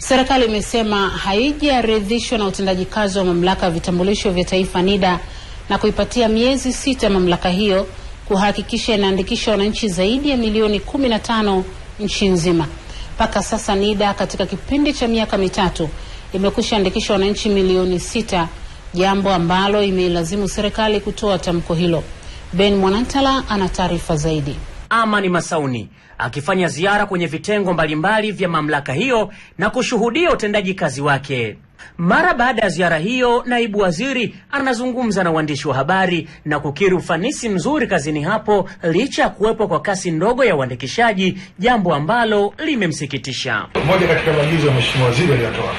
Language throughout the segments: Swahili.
Serikali imesema haijaridhishwa na utendaji kazi wa mamlaka ya vitambulisho vya taifa NIDA na kuipatia miezi sita mamlaka hiyo kuhakikisha inaandikisha wananchi zaidi ya milioni tano nchi nzima. Mpaka sasa NIDA katika kipindi cha miaka mitatu imekwisha andikisha wananchi milioni sita, jambo ambalo imeilazimu serikali kutoa tamko hilo. Ben Mwanantala ana taarifa zaidi. Amani Masauni akifanya ziara kwenye vitengo mbalimbali vya mamlaka hiyo na kushuhudia utendaji kazi wake. Mara baada ya ziara hiyo, naibu waziri anazungumza na waandishi wa habari na kukiri ufanisi mzuri kazini hapo licha ya kuwepo kwa kasi ndogo ya uandikishaji, jambo ambalo limemsikitisha. Moja katika maagizo ya mheshimiwa waziri aliyotoa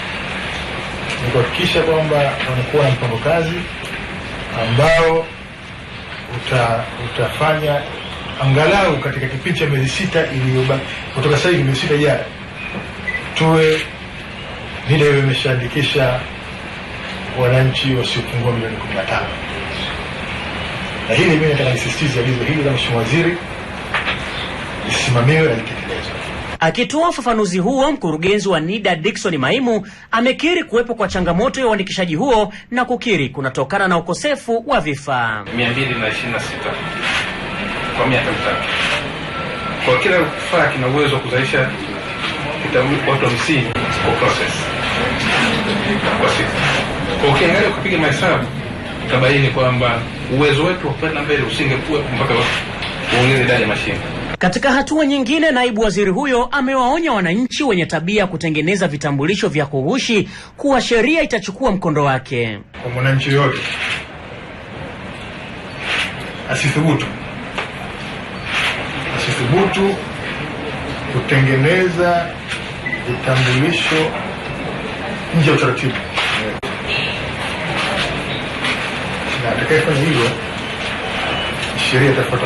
ni kuhakikisha kwamba wanakuwa na mpango kazi ambao uta, utafanya angalau katika kipindi cha miezi sita iliyobaki kutoka sasa hivi, miezi sita ijayo, tuwe vile vimeshaandikisha wananchi wasiopungua milioni kumi Na hili mimi nataka nisistizi agizo hili la Mheshimiwa Waziri lisimamiwe na Akitoa ufafanuzi huo, mkurugenzi wa NIDA dikson Maimu amekiri kuwepo kwa changamoto ya uandikishaji huo na kukiri kunatokana na ukosefu wa vifaa kwa miaka mitatu Kwa kila kifaa kina uwezo wa kuzalisha watu hamsini kwa process kwa siku. Kwa ukiangalia kupiga mahesabu utabaini kwamba uwezo wetu wa kupenda mbele usingekuwa mpaka uongeze idadi ya mashine. Katika hatua nyingine, naibu waziri huyo amewaonya wananchi wenye tabia ya kutengeneza vitambulisho vya kughushi kuwa sheria itachukua mkondo wake. Kwa mwananchi yoyote asithubutu kuthubutu kutengeneza vitambulisho nje ya utaratibu, na atakayefanya hivyo sheria itafata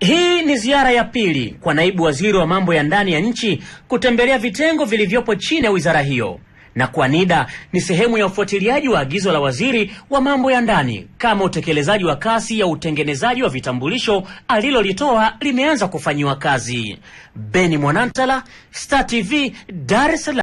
Hii ni ziara ya pili kwa naibu waziri wa mambo ya ndani ya nchi kutembelea vitengo vilivyopo chini ya wizara hiyo na kwa NIDA ni sehemu ya ufuatiliaji wa agizo la waziri wa mambo ya ndani kama utekelezaji wa kasi ya utengenezaji wa vitambulisho alilolitoa limeanza kufanyiwa kazi. Beni Mwanantala, Star TV, Dar es Salaam.